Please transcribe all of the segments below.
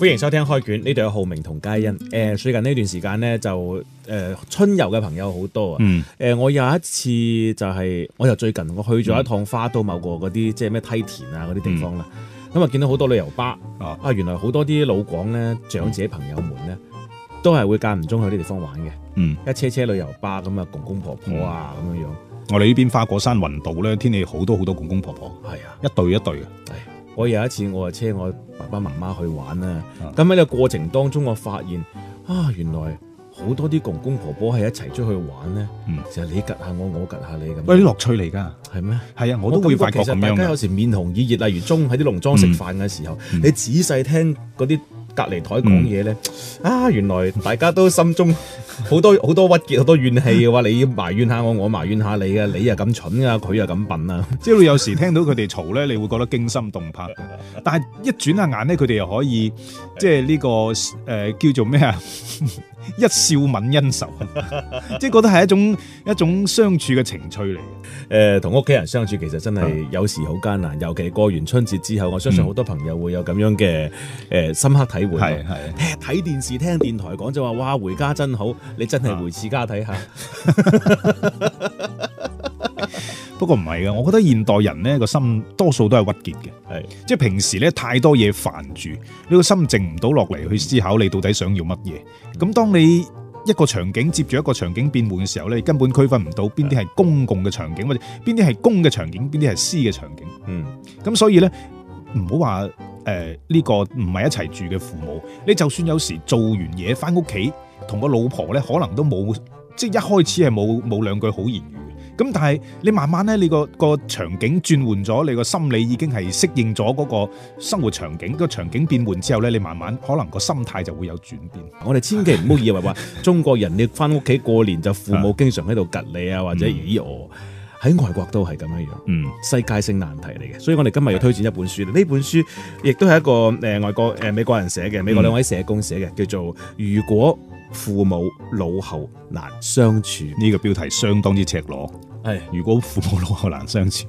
歡迎收聽開卷，呢度有浩明同佳欣。誒、呃，最近呢段時間咧就誒、呃、春遊嘅朋友好多啊。誒、嗯呃，我有一次就係、是，我又最近我去咗一趟花都某個嗰啲、嗯、即係咩梯田啊嗰啲地方啦。咁啊見到好多旅遊巴啊，原來好多啲老廣咧，長者朋友們咧，嗯、都係會間唔中去啲地方玩嘅。嗯，一車車旅遊巴咁啊，公公婆婆啊咁哇樣樣。我哋呢邊花果山雲道咧，天氣好好多好多公公婆婆，係啊，一對一對嘅。我有一次，我啊車我爸爸媽媽去玩啊，咁喺呢個過程當中，我發現啊，原來好多啲公公婆婆係一齊出去玩咧，嗯、就係你吉下我，我吉下你咁。喂、嗯，啲樣樂趣嚟㗎，係咩嗎？係啊，我都會發覺其實大家有時面紅耳熱，例如中午喺啲農莊食飯嘅時候，嗯嗯、你仔細聽嗰啲。隔離台講嘢咧，嗯、啊！原來大家都心中好多好 多鬱結，好多怨氣嘅話，你埋怨下我，我埋怨下你，你又咁蠢啊，佢又咁笨啊，即係你有時聽到佢哋嘈咧，你會覺得驚心動魄嘅。 但係一轉下眼咧，佢哋又可以即係呢個、呃、叫做咩啊？ 一笑泯恩仇，即係覺得係一種一種相處嘅情趣嚟。誒、呃，同屋企人相處其實真係有時好艱難，的尤其過完春節之後，我相信好多朋友會有咁樣嘅誒、嗯呃、深刻體會。係係的，睇電視聽電台講就話，哇，回家真好，你真係回次家睇下。的 不過唔係啊，我覺得現代人呢個心多數都係鬱結嘅，係即係平時呢太多嘢煩住，你個心靜唔到落嚟去思考你到底想要乜嘢。咁當你一個場景接住一個場景變換嘅時候咧，你根本區分唔到邊啲係公共嘅場景或者邊啲係公嘅場景，邊啲係私嘅場景。哪些是私的場景，嗯，咁所以呢，唔好話誒呢個唔係一齊住嘅父母，你就算有時做完嘢返屋企，同個老婆呢可能都冇，即係一開始係冇冇兩句好言語。咁但係你慢慢咧，你個、個場景轉換咗，你個心理已經係適應咗嗰個生活場景。個場景變換之後咧，你慢慢可能個心態就會有轉變。我哋千祈唔好以為話中國人你翻屋企過年就父母經常喺度吉你啊，的或者咦我喺，嗯、外國都係咁樣樣。嗯，世界性難題嚟嘅，所以我哋今日要推薦一本書。呢的本書亦都係一個誒外國誒、呃、美國人寫嘅，嗯、美國兩位社工寫嘅，叫做《如果父母老後難相處》。呢個標題相當之赤裸。係，如果父母老後難相處，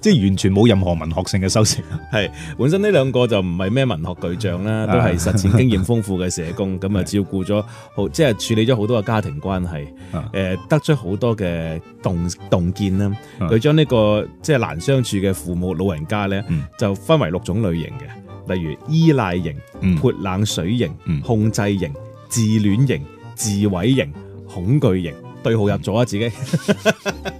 即係完全冇任何文學性嘅修飾。係，本身呢兩個就唔係咩文學巨匠啦，都係實踐經驗豐富嘅社工，咁啊照顧咗好，即係處理咗好多嘅家庭關係，誒，得出好多嘅洞洞見啦。佢將呢個即係難相處嘅父母老人家咧，就分為六種類型嘅，例如依賴型、潑冷水型、控制型、自戀型、自毀型、恐懼型。對號入座啊！自己、嗯、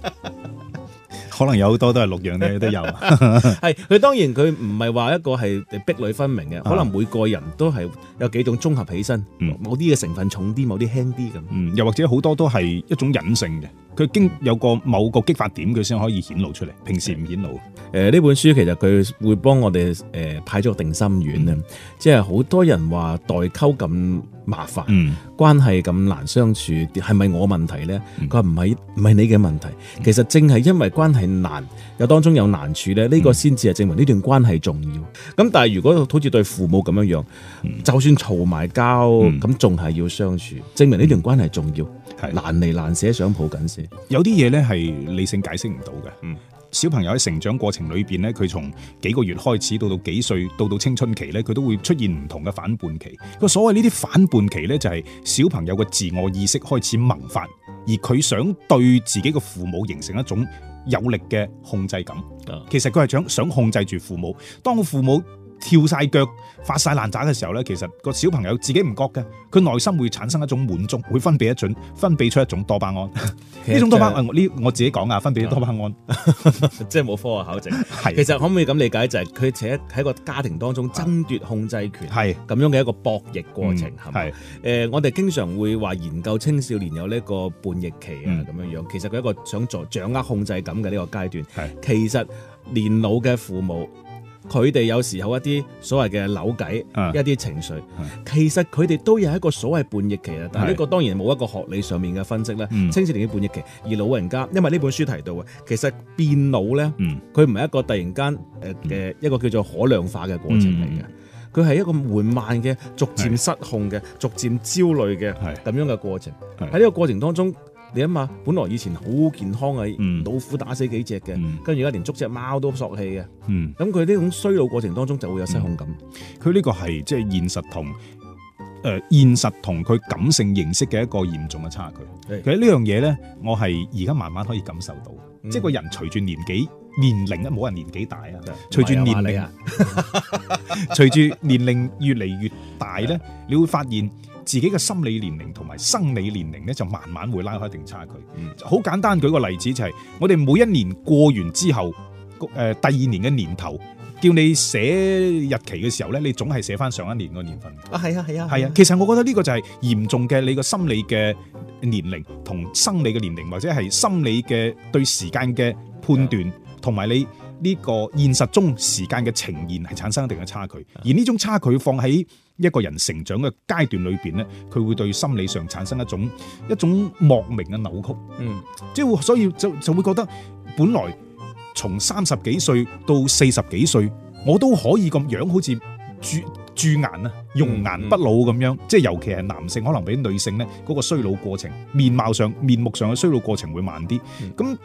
可能有好多都係六樣嘅都有 ，係佢當然佢唔係話一個係壁壘分明嘅，可能每個人都係有幾種綜合起身，嗯、某啲嘅成分重啲，某啲輕啲咁，嗯，又或者好多都係一種隱性嘅。佢經有個某個激發點，佢先可以顯露出嚟。平時唔顯露。誒，呢本書其實佢會幫我哋誒派咗個定心丸啊！即係好多人話代溝咁麻煩，關係咁難相處，係咪我問題呢？佢話唔係唔係你嘅問題。其實正係因為關係難，有當中有難處呢，呢個先至係證明呢段關係重要。咁但係如果好似對父母咁樣樣，就算嘈埋交，咁仲係要相處，證明呢段關係重要。難離難捨，想抱緊些。有啲嘢咧係理性解釋唔到嘅。嗯，小朋友喺成長過程裏邊咧，佢從幾個月開始到到幾歲，到到青春期咧，佢都會出現唔同嘅反叛期。個所謂呢啲反叛期咧，就係小朋友嘅自我意識開始萌發，而佢想對自己嘅父母形成一種有力嘅控制感。其實佢係想想控制住父母，當父母。跳晒腳發晒爛渣嘅時候咧，其實個小朋友自己唔覺嘅，佢內心會產生一種滿足，會分泌一種分泌出一種多巴胺。呢實種多巴胺，呢、就是、我自己講啊，分泌多巴胺，嗯、 即係冇科學考證。係是，其實可唔可以咁理解就係佢喺喺個家庭當中爭奪控制權，係咁樣嘅一個博弈過程，係咪？誒，我哋經常會話研究青少年有呢個叛逆期啊，咁樣、嗯、樣，其實佢一個想做掌握控制感嘅呢個階段。係是，其實年老嘅父母。佢哋有時候一啲所謂嘅扭計，一啲情緒，其實佢哋都有一個所謂叛逆期啊。但係呢個當然冇一個學理上面嘅分析啦。青少年嘅叛逆期，而老人家，因為呢本書提到嘅，其實變老咧，佢唔係一個突然間誒嘅一個叫做可量化嘅過程嚟嘅，佢係一個緩慢嘅、逐漸失控嘅、逐漸焦慮嘅咁樣嘅過程。喺呢個過程當中。你諗下，本來以前好健康嘅，嗯、老虎打死幾隻嘅，跟住而家連捉隻貓都索氣嘅。咁佢呢種衰老過程當中就會有失控感，佢呢、嗯、個係即係現實同誒、呃、現實同佢感性認識嘅一個嚴重嘅差距。是其實呢樣嘢咧，我係而家慢慢可以感受到，嗯、即係個人隨住年紀年齡啊，冇人年紀大啊，隨住年齡，隨住、啊、 年齡越嚟越大咧，的你會發現。自己嘅心理年齡同埋生理年齡咧，就慢慢會拉開一定差距。好簡單，舉個例子就係我哋每一年過完之後，誒第二年嘅年頭，叫你寫日期嘅時候咧，你總係寫翻上一年個年份。啊，係啊，係啊，係啊。其實我覺得呢個就係嚴重嘅你個心理嘅年齡同生理嘅年齡或者係心理嘅對時間嘅判斷，同埋你呢個現實中時間嘅呈現，係產生一定嘅差距。而呢種差距放喺一個人成長嘅階段裏面，咧，佢會對心理上產生一種一種莫名嘅扭曲，嗯，即係所以就就會覺得，本來從三十幾歲到四十幾歲，我都可以咁樣好似駐顏啊，容顏不老咁樣，即係尤其係男性，可能比女性咧嗰個衰老過程，面貌上、面目上嘅衰老過程會慢啲。咁、嗯、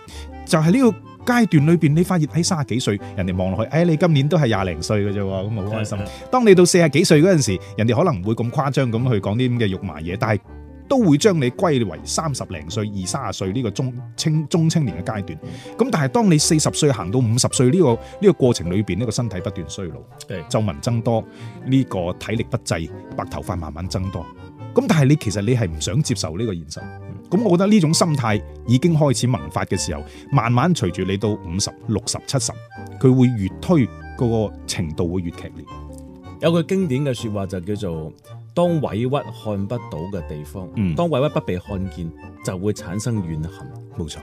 就係、是、呢個階段裏邊，你發現喺卅幾歲，人哋望落去，哎，你今年都係廿零歲嘅啫，咁我好開心。當你到四十幾歲嗰陣時候，人哋可能唔會咁誇張咁去講啲咁嘅肉麻嘢，但係。都會將你歸為三十零歲，二三十歲呢個中青中青年嘅階段。咁但係當你四十歲行到五十歲呢個呢個過程裏邊，呢個身體不斷衰老，皺、嗯、紋增多，呢個體力不濟，白頭髮慢慢增多。咁但係你其實你係唔想接受呢個現實。咁、嗯嗯、我覺得呢種心態已經開始萌發嘅時候，慢慢隨住你到五十、六十、七十，佢會越推嗰個程度會越劇烈。有句經典嘅說話就叫做。當委屈看不到嘅地方，嗯、當委屈不被看見，就會產生怨恨。冇錯，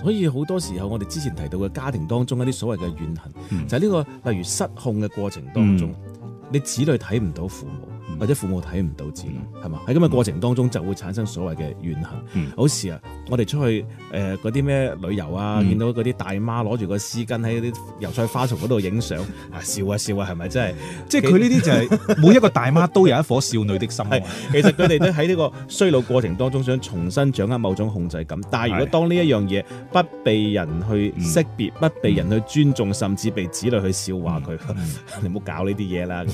所以好多時候，我哋之前提到嘅家庭當中一啲所謂嘅怨恨，嗯、就係呢個例如失控嘅過程當中，嗯、你子女睇唔到父母。或者父母睇唔到字，係嘛、嗯？喺咁嘅過程當中，就會產生所謂嘅怨恨。嗯、好似啊，我哋出去誒嗰啲咩旅遊啊，嗯、見到嗰啲大媽攞住個絲巾喺啲油菜花叢嗰度影相啊，笑啊笑啊，係咪真係？即係佢呢啲就係每一個大媽都有一顆少女的心，啊。 其實佢哋都喺呢個衰老過程當中，想重新掌握某種控制感。但係如果當呢一樣嘢不被人去識別，嗯、不被人去尊重，甚至被子女去笑話佢，嗯嗯、 你唔好搞呢啲嘢啦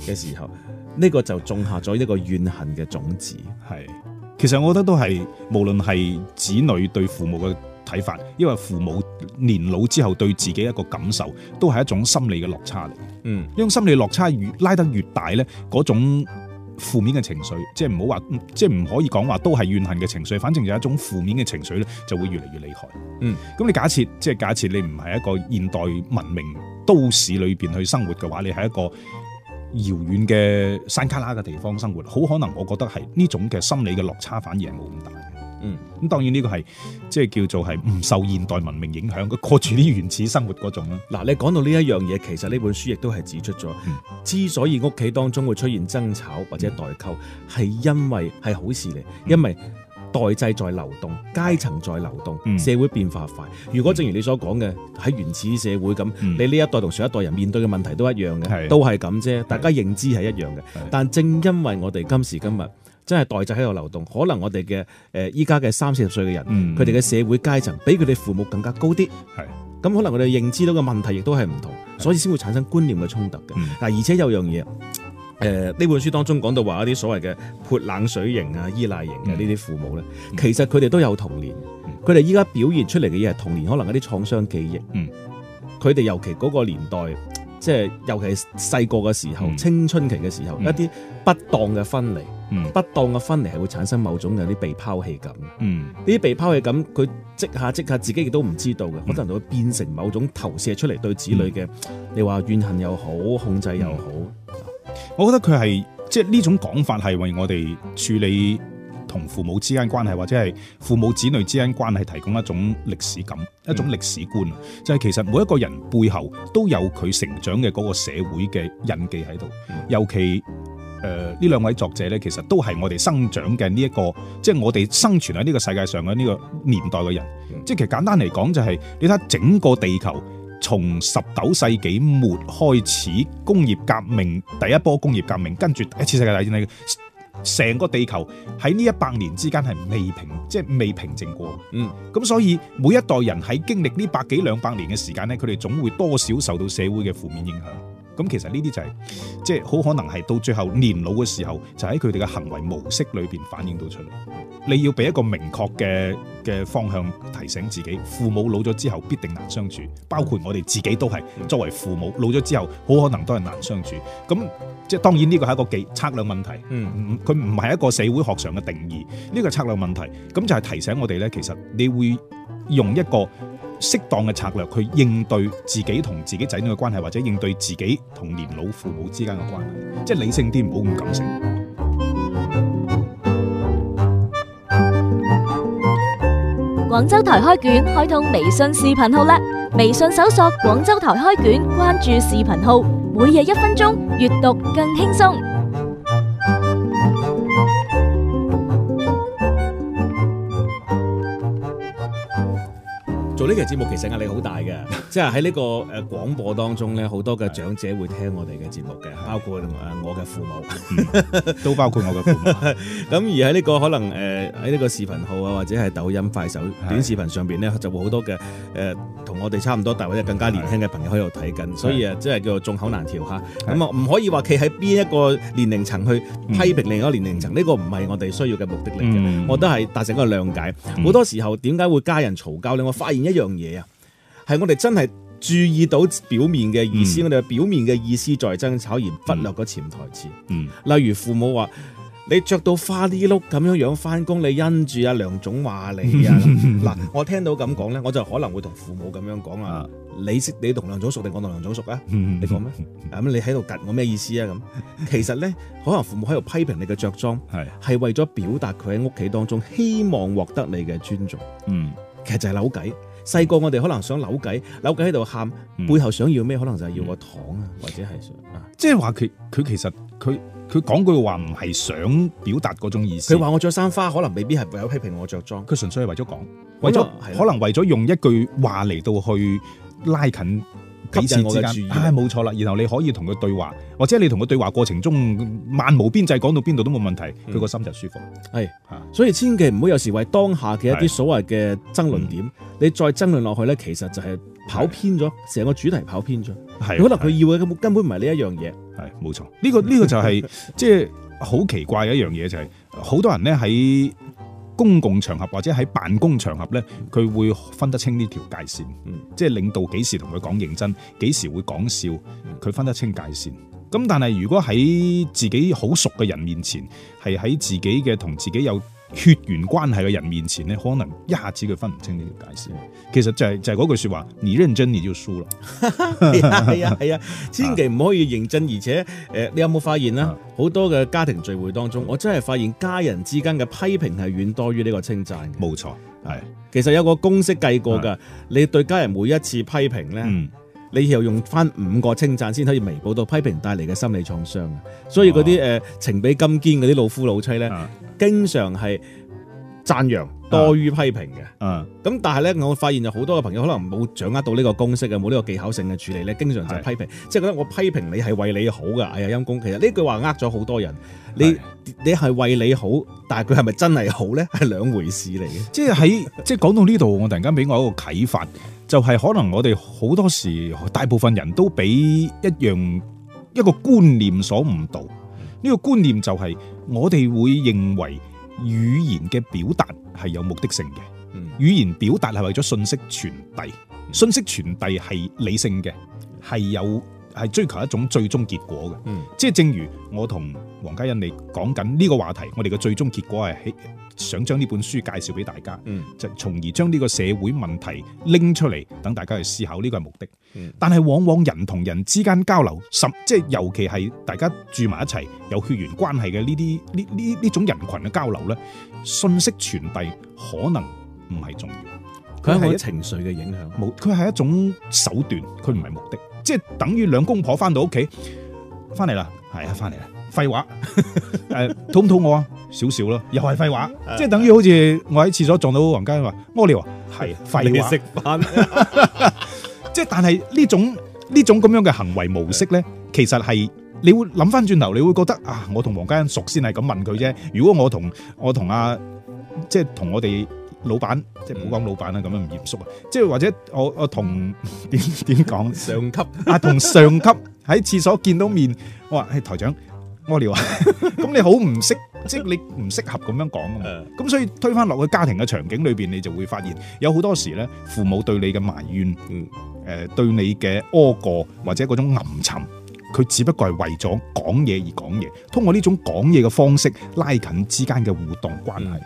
嘅時候。呢個就種下咗一個怨恨嘅種子。係，其實我覺得都係無論係子女對父母嘅睇法，因為父母年老之後對自己一個感受，都係一種心理嘅落差嚟。嗯，呢種心理落差越拉得越大咧，嗰種負面嘅情緒，即係唔好話，即係唔可以講話都係怨恨嘅情緒，反正有一種負面嘅情緒咧，就會越嚟越厲害。嗯，咁你假設，即係假設你唔係一個現代文明都市裏邊去生活嘅話，你係一個。遙遠嘅山卡拉嘅地方生活，好可能我覺得係呢種嘅心理嘅落差反應大，反而係冇咁大嘅。嗯，咁當然呢個係即係叫做係唔受現代文明影響，佢過住啲原始生活嗰種啦。嗱，你講到呢一樣嘢，其實呢本書亦都係指出咗，嗯、之所以屋企當中會出現爭吵或者代溝，係、嗯、因為係好事嚟，嗯、因為。代際在流動，階層在流動，社會變化快。嗯、如果正如你所講嘅，喺原始社會咁，嗯、你呢一代同上一代人面對嘅問題都一樣嘅，是都係咁啫。是大家認知係一樣嘅，是但正因為我哋今時今日真係代際喺度流動，可能我哋嘅誒依家嘅三四十歲嘅人，佢哋嘅社會階層比佢哋父母更加高啲，係咁是可能我哋認知到嘅問題亦都係唔同，是所以先會產生觀念嘅衝突嘅。但、嗯、而且有樣嘢。誒，呢、呃、本書當中講到話一啲所謂嘅潑冷水型啊、依賴型嘅呢啲父母咧，嗯、其實佢哋都有童年，佢哋依家表現出嚟嘅嘢係童年，可能一啲創傷記憶，佢哋、嗯、尤其嗰個年代，即係尤其細個嘅時候、嗯、青春期嘅時候，嗯、一啲不當嘅分離，嗯、不當嘅分離係會產生某種有啲被拋棄感。呢啲、嗯、被拋棄感，佢即下即下，自己亦都唔知道嘅，嗯、可能就會變成某種投射出嚟對子女嘅，嗯、你話怨恨又好，控制又好。我覺得佢係即係呢種講法，係為我哋處理同父母之間關係，或者係父母子女之間關係，提供一種歷史感、嗯、一種歷史觀。就係、是、其實每一個人背後都有佢成長嘅嗰個社會嘅印記喺度。嗯、尤其誒呢、呃、兩位作者咧，其實都係我哋生長嘅呢一個，即、就、係、是、我哋生存喺呢個世界上嘅呢個年代嘅人。嗯、即係其實簡單嚟講、就是，就係你睇整個地球。從十九世紀末開始，工業革命第一波工業革命，跟住第一次世界大戰咧，成個地球喺呢一百年之間係未平，即係未平靜過。嗯，咁所以每一代人喺經歷呢百幾兩百年嘅時間咧，佢哋總會多少受到社會嘅負面影響。咁其實呢啲就係，即係好可能係到最後年老嘅時候，就喺佢哋嘅行為模式裏邊反映到出嚟。你要俾一個明確嘅嘅方向提醒自己，父母老咗之後必定難相處，包括我哋自己都係。作為父母老咗之後，好可能都係難相處。咁即係當然呢個係一個計、策略問題。嗯，佢唔係一個社會學上嘅定義，呢個策略問題。咁就係提醒我哋咧，其實你會用一個適當嘅策略去應對自己同自己仔女嘅關係，或者應對自己同年老父母之間嘅關係。即係理性啲，唔好咁感性。廣州台開卷開通微信視頻號啦！微信搜索廣州台開卷，關注視頻號，每日一分鐘，閱讀更輕鬆。做呢期節目其實壓力好大嘅，即係喺呢個誒廣播當中咧，好多嘅長者會聽我哋嘅節目嘅，包括誒我嘅父母的， 都包括我嘅父母。咁 而喺呢個可能喺呢個視頻號啊，或者係抖音、快手、短視頻上面咧，就會好多嘅誒同我哋差唔多大，或者更加年輕嘅朋友喺度睇緊，是的 所以啊，即係叫做眾口難調吓。咁啊，唔可以話企喺邊一個年齡層去批評另一個年齡層，呢個唔係我哋需要嘅目的嚟嘅。嗯、我都係達成一個諒解。嗯、好多時候點解會家人嘈交咧？我發現一樣嘢啊，係我哋真係注意到表面嘅意思，嗯、我哋表面嘅意思在爭吵，而忽略個潛台詞，嗯，例如父母話。你着到花哩碌咁樣樣翻工，你因住阿梁總話你啊？嗱， 我聽到咁講咧，我就可能會同父母咁樣講啊。你識你同梁總熟定我同梁總熟啊？你講咩？咁、 嗯、你喺度近我咩意思啊？咁其實咧，可能父母喺度批評你嘅着裝，係係 為咗表達佢喺屋企當中希望獲得你嘅尊重。 嗯，其實就係扭計。細個我哋可能想扭計，扭計喺度喊，背後想要咩？可能就係要個糖啊，嗯、或者係想啊，即係話佢佢其實佢佢講句話唔係想表達嗰種意思。佢話我着衫花，可能未必係為咗批評我着裝，佢純粹係為咗講，為咗，可能為咗用一句話嚟到去拉近。俾錢之間，係冇錯啦。然後你可以同佢對話，或者你同佢對話過程中漫無邊際，講到邊度都冇問題，佢個、嗯、心就舒服係。所以千祈唔好有時為當下嘅一啲是所謂嘅爭論點，嗯、你再爭論落去咧，其實就係跑偏咗，成是個主題跑偏咗。係是可能佢要嘅根本根本唔係呢一樣嘢。係冇錯，呢、這個呢、這個就係即係好奇怪嘅一樣嘢，就係、是、好多人咧喺。公共場合或者喺辦公場合呢，佢會分得清呢條界線。嗯、即係領導幾時同佢講認真，幾時會講笑，佢分得清界線。咁但係如果喺自己好熟嘅人面前，係喺自己嘅同自己有。血緣關係嘅人面前咧，可能一下子佢分唔清呢條界線。其實就係、是、就係、是、嗰句說話，你認真你就輸啦。係 啊係啊，千祈唔可以認真。而且誒、呃，你有冇發現咧？好、啊、多嘅家庭聚會當中，我真係發現家人之間嘅批評係遠多於呢個稱讚。冇錯，係、啊。其實有一個公式計過噶，啊、你對家人每一次批評咧。嗯你又用返五個稱讚先可以彌補到批評帶嚟嘅心理創傷，所以嗰啲誒、情比金堅嗰啲老夫老妻呢，經常係讚揚。多於批評嘅。咁、嗯、但係咧，我發現有好多嘅朋友可能冇掌握到呢個公式嘅，冇呢個技巧性嘅處理咧，經常就批評，是即係覺得我批評你係為你好噶，哎呀陰公，其實呢句話呃咗好多人，是你你係為你好，但係佢係咪真係好咧？係兩回事嚟嘅，即係喺即係講到呢度， 我突然間俾我一個啟發，就係、是、可能我哋好多時，大部分人都俾一樣一個觀念所誤導，呢、呢個觀念就係我哋會認為。語言嘅表達係有目的性嘅，語言表達係為咗信息傳遞，信息傳遞係理性嘅，係有係追求一種最終結果嘅，嗯、即係正如我同黃嘉欣你講緊呢個話題，我哋嘅最終結果係。想將呢本書介紹俾大家，就從而將呢個社會問題拎出嚟，等大家去思考，呢個係目的。但係往往人同人之間交流，十即係尤其係大家住埋一齊，有血緣關係嘅呢啲呢呢呢種人群嘅交流咧，信息傳遞可能唔係重要，佢係情緒嘅影響，冇佢係一種手段，佢唔係目的，即係等於兩公婆翻到屋企，翻嚟啦，係啊，翻嚟啦。廢廢話誒，肚唔肚餓啊？少少啦，又係廢話，的即係等於好似我喺廁所撞到黃家欣話屙尿係廢話食飯， 即係但係呢種呢種咁樣嘅行為模式咧，其實係你會諗翻轉頭，你會覺得啊，我同黃家欣熟先係咁問佢啫。如果我同我同阿即係同我哋老闆，即係唔好講老闆啦，咁樣唔嚴肅啊。即係、嗯、或者我我同點點講上級啊，同上級喺廁所見到面，嗯、我話係台長。我咁魔 你好唔適， 即係你唔適合咁樣講㗎嘛。咁所以推返落去家庭嘅場景裏邊，你就會發現有好多時咧，父母對你嘅埋怨，誒，對你嘅噏過或者嗰種暗沉，佢只不過係為咗講嘢而講嘢，通過呢種講嘢嘅方式拉近之間嘅互動關係。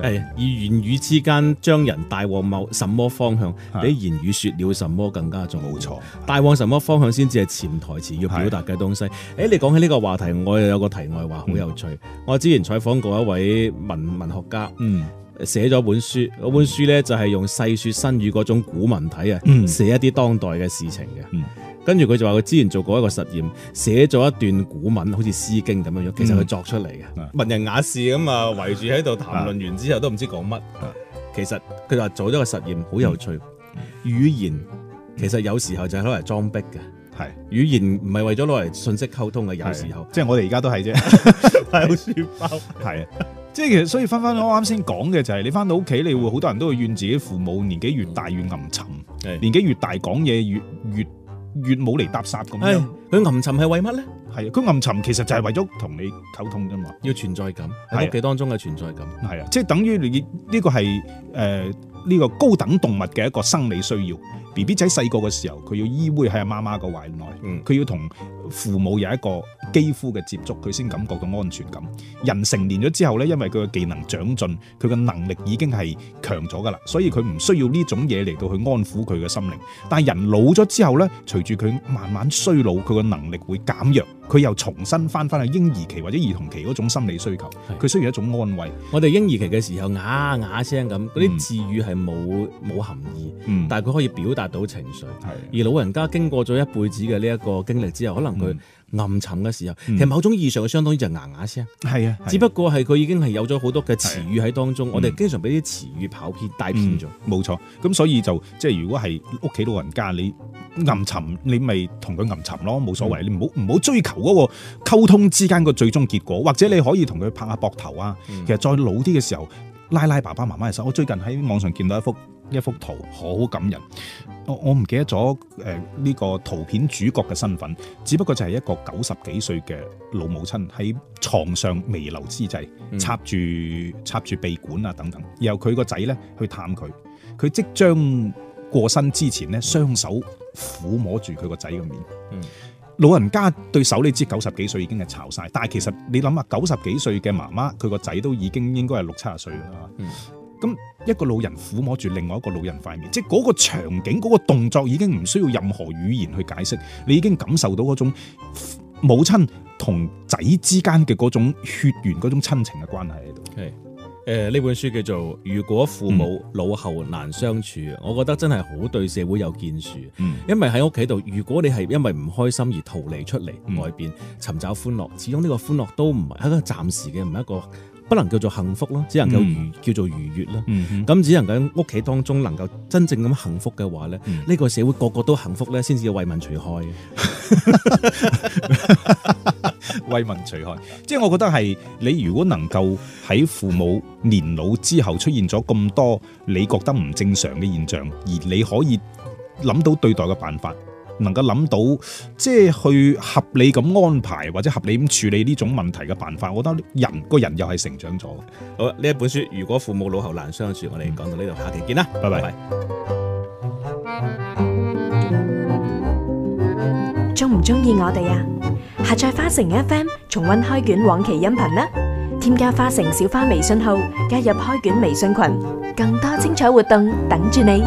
誒，而言語之間將人帶往某什麼方向，比言語説了什麼更加重要。冇錯，帶往什麼方向先至係潛台詞要表達嘅東西。的誒你講起呢個話題，我又有個題外話好有趣。嗯、我之前採訪過一位文文學家，嗯，寫咗本書，本書呢，就係用細說新語嗰種古文體啊，寫一啲當代嘅事情嘅。嗯跟住佢就話佢之前做過一個實驗，寫咗一段古文，好似《詩經》咁樣樣，其實佢作出嚟嘅、嗯、文人雅士咁啊，圍住喺度談論完之後都唔知講乜。其實佢話做咗個實驗，好有趣。嗯、語言其實有時候就係攞嚟裝逼嘅，係是語言唔係為咗攞嚟信息溝通嘅，有時候即係、就是、我哋而家都係啫。帶書包係啊，即係其實所以翻翻我啱先講嘅就係、是、你翻到屋企，你會好多人都會怨自己父母年紀越大越暗沉，是年紀越大講嘢越越。越越冇嚟搭訕咁樣，佢、哎、暗沉係為乜咧？係啊，佢暗沉其實就係為咗同你溝通㗎嘛，要存在感喺屋企當中嘅存在感。係啊，即係等於你呢個係呢、呃呢個高等動物嘅一個生理需要。B B 仔細個嘅時候，佢要依偎喺阿媽媽個懷內，佢、嗯、要同父母有一個肌膚嘅接觸，佢先感覺到安全感。人成年咗之後呢，因為佢嘅技能長進，佢嘅能力已經係強咗㗎喇，所以佢唔需要呢種嘢嚟到去安撫佢嘅心靈。但係人老咗之後呢，隨住佢慢慢衰老，佢嘅能力會減弱，佢又重新返返去嬰兒期或者兒童期嗰種心理需求，佢的需要一種安慰。我哋嬰兒期嘅時候，啞啞聲咁，嗰啲字語係冇冇含義，嗯、但係佢可以表達。達到情緒，係而老人家經過咗一輩子嘅呢一個經歷之後，可能佢暗沉嘅時候，嗯、其實某種意義上相當於就牙牙聲，係啊，啊只不過係佢已經係有咗好多嘅詞語喺當中，啊、我哋經常俾啲詞語跑偏，帶偏咗，冇錯、嗯。咁所以就即係如果係屋企老人家你暗沉，你咪同佢暗沉咯，冇所謂，嗯、你唔好唔好追求嗰個溝通之間個最終結果，或者你可以同佢拍一下膊頭啊。其實再老啲嘅時候，拉拉爸爸媽媽手，我最近喺網上見到一幅。一幅圖好感人，我我唔記得咗誒呢個圖片主角嘅身份，只不過就係一個九十幾歲嘅老母親喺床上彌留之際，插住插住鼻管啊等等，然後佢個仔咧去探佢，佢即將過身之前咧，雙手撫摸住佢個仔個面。嗯，老人家對手呢支九十幾歲已經係巢晒，但係其實你諗下，九十幾歲嘅媽媽，佢個仔都已經應該係六七十歲啦。嗯。咁一個老人撫摸住另外一個老人塊面，即係嗰個場景，嗰，嗰個動作已經唔需要任何語言去解釋，你已經感受到嗰種母親同仔之間嘅嗰種血緣，嗰種親情嘅關係喺度。係誒，呢，呃，本書叫做《如果父母老後難相處》，嗯，我覺得真係好對社會有建樹。嗯，因為喺屋企度，如果你係因為唔開心而逃離出嚟外邊尋，嗯，找歡樂，始終呢個歡樂都唔係一個暫時嘅，唔係一個。不能叫做幸福咯，只能夠愉叫、嗯、叫做愉悅，啦、嗯哼。咁只能緊屋企當中能夠真正咁幸福嘅話咧，呢、嗯、個社會個個都幸福咧，先至為民除害。為民 除害，即係我覺得係你如果能夠喺父母年老之後出現咗咁多你覺得唔正常嘅現象，而你可以諗到對待嘅辦法。能夠諗到即係去合理咁安排，或者合理咁處理呢種問題嘅辦法，我覺得人個人又係成長咗。好啦，呢一本書如果父母老後難相處，嗯，我哋講到呢度，下期見啦，拜拜。拜拜中唔中意我哋啊？下載花城 FM 重溫開卷往期音頻呢，添加花城小花微信號加入開卷微信群，更多精彩活動等住你。